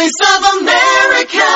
Voice of America.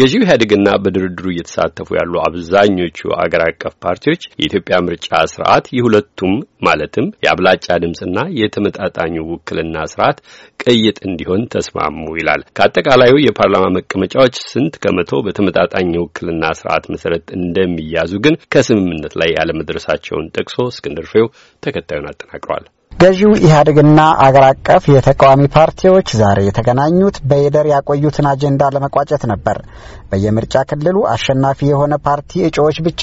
ገዢው ኢህአዴግና በድርድሩ እየተሳተፉ ያሉ አብዛኞቹ አገር አቀፍ ፓርቲዎች የኢትዮጵያ ምርጫ ስርዓት የሁለቱም ማለትም የአብላጫ ድምፅና የተመጣጣኙ ውክልና ስርዓት ቅይጥ እንዲሆን ተስማሙ ይላል። ከአጠቃላዩ የፓርላማ መቀመጫዎች ስንት ከመቶ በተመጣጣኝ ውክልና ስርዓት መሰረት እንደሚያዙ ግን ከስምምነት ላይ ያለመድረሳቸውን ጠቅሶ እስክንድር ፍሬው ተከታዩን አጠናቅሯል። ገዢው ኢህአዴግና አገር አቀፍ የተቃዋሚ ፓርቲዎች ዛሬ የተገናኙት በይደር ያቆዩትን አጀንዳ ለመቋጨት ነበር። በየምርጫ ክልሉ አሸናፊ የሆነ ፓርቲ እጩዎች ብቻ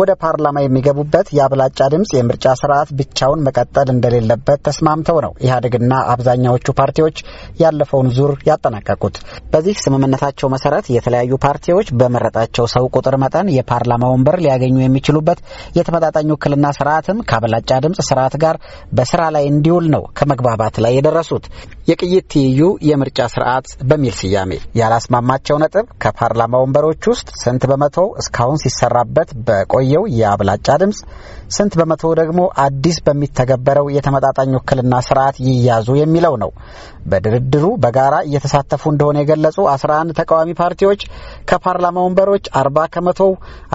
ወደ ፓርላማ የሚገቡበት የአብላጫ ድምፅ የምርጫ ስርዓት ብቻውን መቀጠል እንደሌለበት ተስማምተው ነው ኢህአዴግና አብዛኛዎቹ ፓርቲዎች ያለፈውን ዙር ያጠናቀቁት። በዚህ ስምምነታቸው መሰረት የተለያዩ ፓርቲዎች በመረጣቸው ሰው ቁጥር መጠን የፓርላማ ወንበር ሊያገኙ የሚችሉበት የተመጣጣኝ ውክልና ስርዓትም ከአብላጫ ድምፅ ስርዓት ጋር በስራ ላይ እንዲውል ነው ከመግባባት ላይ የደረሱት። የቅይት ትይዩ የምርጫ ስርዓት በሚል ስያሜ ያላስማማቸው ነጥብ ከፓርላማ ወንበሮች ውስጥ ስንት በመቶ እስካሁን ሲሰራበት በቆየው የአብላጫ ድምፅ፣ ስንት በመቶ ደግሞ አዲስ በሚተገበረው የተመጣጣኝ ውክልና ስርዓት ይያዙ የሚለው ነው። በድርድሩ በጋራ እየተሳተፉ እንደሆነ የገለጹ 11 ተቃዋሚ ፓርቲዎች ከፓርላማ ወንበሮች 40 ከመቶው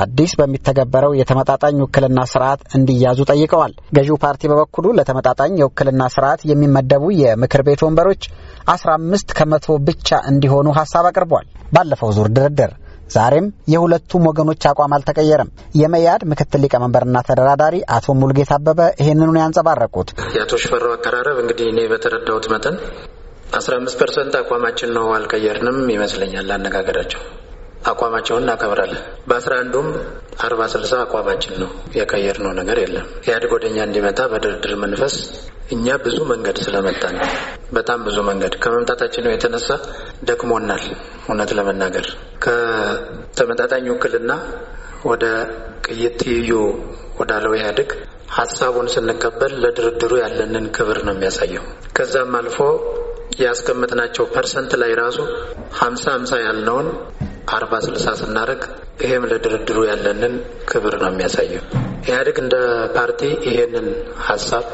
አዲስ በሚተገበረው የተመጣጣኝ ውክልና ስርዓት እንዲያዙ ጠይቀዋል። ገዢው ፓርቲ በበኩሉ ለተመጣጣኝ የውክልና ስርዓት የሚመደቡ የምክር ቤት ወንበ ወንበሮች 15 ከመቶ ብቻ እንዲሆኑ ሀሳብ አቅርቧል። ባለፈው ዙር ድርድር ዛሬም የሁለቱም ወገኖች አቋም አልተቀየረም። የመያድ ምክትል ሊቀመንበርና ተደራዳሪ አቶ ሙልጌ አበበ ይህንኑ ያንጸባረቁት የአቶ ሽፈራው አቀራረብ እንግዲህ እኔ በተረዳሁት መጠን አስራ አምስት ፐርሰንት አቋማችን ነው አልቀየርንም ይመስለኛል አነጋገራቸው አቋማቸውን እናከብራለን። በአስራ አንዱም አርባ ስልሳ አቋማችን ነው የቀየርነው ነገር የለም። ኢህአዴግ ወደኛ እንዲመጣ በድርድር መንፈስ እኛ ብዙ መንገድ ስለመጣን ነው። በጣም ብዙ መንገድ ከመምጣታችን የተነሳ ደክሞናል። እውነት ለመናገር ከተመጣጣኝ ውክልና ወደ ቅይት ትይዩ ወዳለው ኢህአዴግ ሀሳቡን ስንቀበል ለድርድሩ ያለንን ክብር ነው የሚያሳየው። ከዛም አልፎ ያስቀመጥናቸው ፐርሰንት ላይ ራሱ ሀምሳ ሀምሳ ያልነውን አርባ ስልሳ ስናደርግ ይሄም ለድርድሩ ያለንን ክብር ነው የሚያሳየው። ኢህአዴግ እንደ ፓርቲ ይሄንን ሀሳብ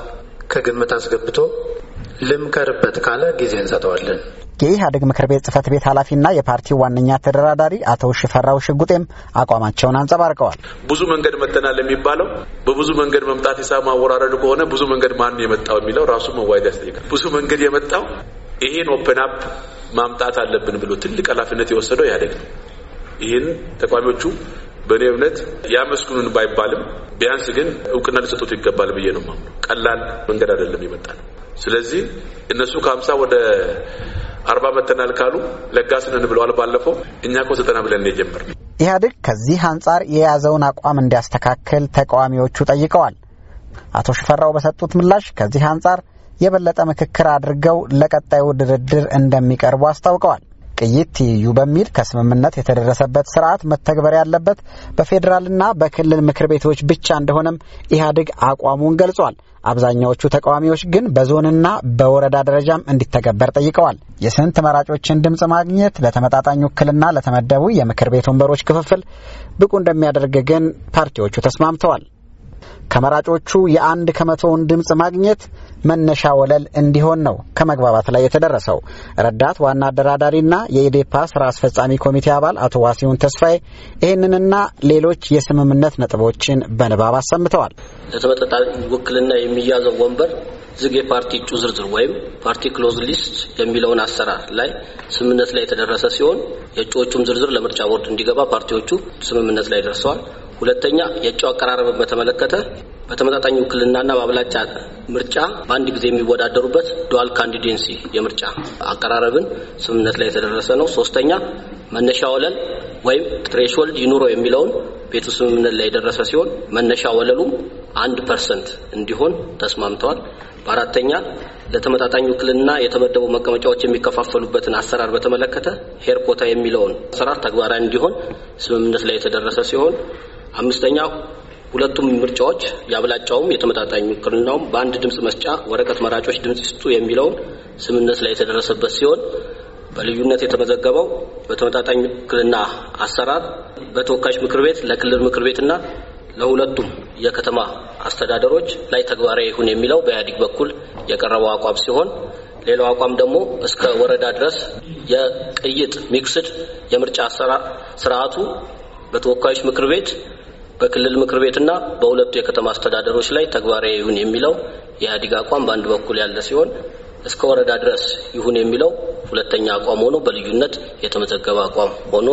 ከግምት አስገብቶ ልምከርበት ካለ ጊዜ እንሰጠዋለን። የኢህአዴግ ምክር ቤት ጽህፈት ቤት ኃላፊና የፓርቲው ዋነኛ ተደራዳሪ አቶ ሽፈራው ሽጉጤም አቋማቸውን አንጸባርቀዋል። ብዙ መንገድ መጥተናል የሚባለው በብዙ መንገድ መምጣት ሂሳብ ማወራረዱ ከሆነ ብዙ መንገድ ማን የመጣው የሚለው ራሱ መዋየት ያስጠይቃል። ብዙ መንገድ የመጣው ይህን ኦፕን አፕ ማምጣት አለብን ብሎ ትልቅ ኃላፊነት የወሰደው ኢህአዴግ ነው። ይህን ተቃዋሚዎቹ በእኔ እምነት ያመስግኑን ባይባልም ቢያንስ ግን እውቅና ሊሰጡት ይገባል ብዬ ነው ማምኑ። ቀላል መንገድ አይደለም ይመጣል። ስለዚህ እነሱ ከሀምሳ ወደ አርባ መተናል ካሉ ለጋስንን ብለዋል። ባለፈው እኛ ኮ ዘጠና ብለን የጀመር ኢህአዴግ ከዚህ አንጻር የያዘውን አቋም እንዲያስተካክል ተቃዋሚዎቹ ጠይቀዋል። አቶ ሽፈራው በሰጡት ምላሽ ከዚህ አንጻር የበለጠ ምክክር አድርገው ለቀጣዩ ድርድር እንደሚቀርቡ አስታውቀዋል። ቅይት ትይዩ በሚል ከስምምነት የተደረሰበት ስርዓት መተግበር ያለበት በፌዴራልና በክልል ምክር ቤቶች ብቻ እንደሆነም ኢህአዴግ አቋሙን ገልጿል። አብዛኛዎቹ ተቃዋሚዎች ግን በዞንና በወረዳ ደረጃም እንዲተገበር ጠይቀዋል። የስንት መራጮችን ድምፅ ማግኘት ለተመጣጣኝ ውክልና ለተመደቡ የምክር ቤት ወንበሮች ክፍፍል ብቁ እንደሚያደርግ ግን ፓርቲዎቹ ተስማምተዋል። ከመራጮቹ የአንድ ከመቶውን ድምፅ ማግኘት መነሻ ወለል እንዲሆን ነው ከመግባባት ላይ የተደረሰው። ረዳት ዋና አደራዳሪና የኢዴፓ ስራ አስፈጻሚ ኮሚቴ አባል አቶ ዋሲሁን ተስፋዬ ይህንንና ሌሎች የስምምነት ነጥቦችን በንባብ አሰምተዋል። ለተመጣጣኝ ውክልና የሚያዘው ወንበር ዝግ የፓርቲ እጩ ዝርዝር ወይም ፓርቲ ክሎዝ ሊስት የሚለውን አሰራር ላይ ስምምነት ላይ የተደረሰ ሲሆን የእጩዎቹም ዝርዝር ለምርጫ ቦርድ እንዲገባ ፓርቲዎቹ ስምምነት ላይ ደርሰዋል። ሁለተኛ የእጩ አቀራረብን በተመለከተ በተመጣጣኝ ውክልናና በአብላጫ ምርጫ በአንድ ጊዜ የሚወዳደሩበት ዱዋል ካንዲዴንሲ የምርጫ አቀራረብን ስምምነት ላይ የተደረሰ ነው። ሶስተኛ መነሻ ወለል ወይም ትሬሽሆልድ ይኑረው የሚለውን ቤቱ ስምምነት ላይ የደረሰ ሲሆን መነሻ ወለሉም አንድ ፐርሰንት እንዲሆን ተስማምተዋል። በአራተኛ ለተመጣጣኝ ውክልና የተመደቡ መቀመጫዎች የሚከፋፈሉበትን አሰራር በተመለከተ ሄርኮታ የሚለውን አሰራር ተግባራዊ እንዲሆን ስምምነት ላይ የተደረሰ ሲሆን አምስተኛ ሁለቱም ምርጫዎች የአብላጫውም የተመጣጣኝ ውክልናውም በአንድ ድምፅ መስጫ ወረቀት መራጮች ድምፅ ይስጡ የሚለውን ስምምነት ላይ የተደረሰበት ሲሆን በልዩነት የተመዘገበው በተመጣጣኝ ውክልና አሰራር በተወካዮች ምክር ቤት ለክልል ምክር ቤትና ለሁለቱም የከተማ አስተዳደሮች ላይ ተግባራዊ ይሁን የሚለው በኢህአዴግ በኩል የቀረበው አቋም ሲሆን ሌላው አቋም ደግሞ እስከ ወረዳ ድረስ የቅይጥ ሚክስድ የምርጫ ስርዓቱ በተወካዮች ምክር ቤት በክልል ምክር ቤትና በሁለቱ የከተማ አስተዳደሮች ላይ ተግባራዊ ይሁን የሚለው የኢህአዴግ አቋም በአንድ በኩል ያለ ሲሆን እስከ ወረዳ ድረስ ይሁን የሚለው ሁለተኛ አቋም ሆኖ በልዩነት የተመዘገበ አቋም ሆኖ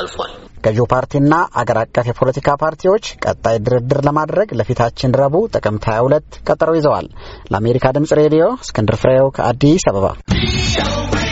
አልፏል። ገዢው ፓርቲና አገር አቀፍ የፖለቲካ ፓርቲዎች ቀጣይ ድርድር ለማድረግ ለፊታችን ረቡዕ ጥቅምት 22 ቀጠሮ ይዘዋል። ለአሜሪካ ድምጽ ሬዲዮ እስክንድር ፍሬው ከአዲስ አበባ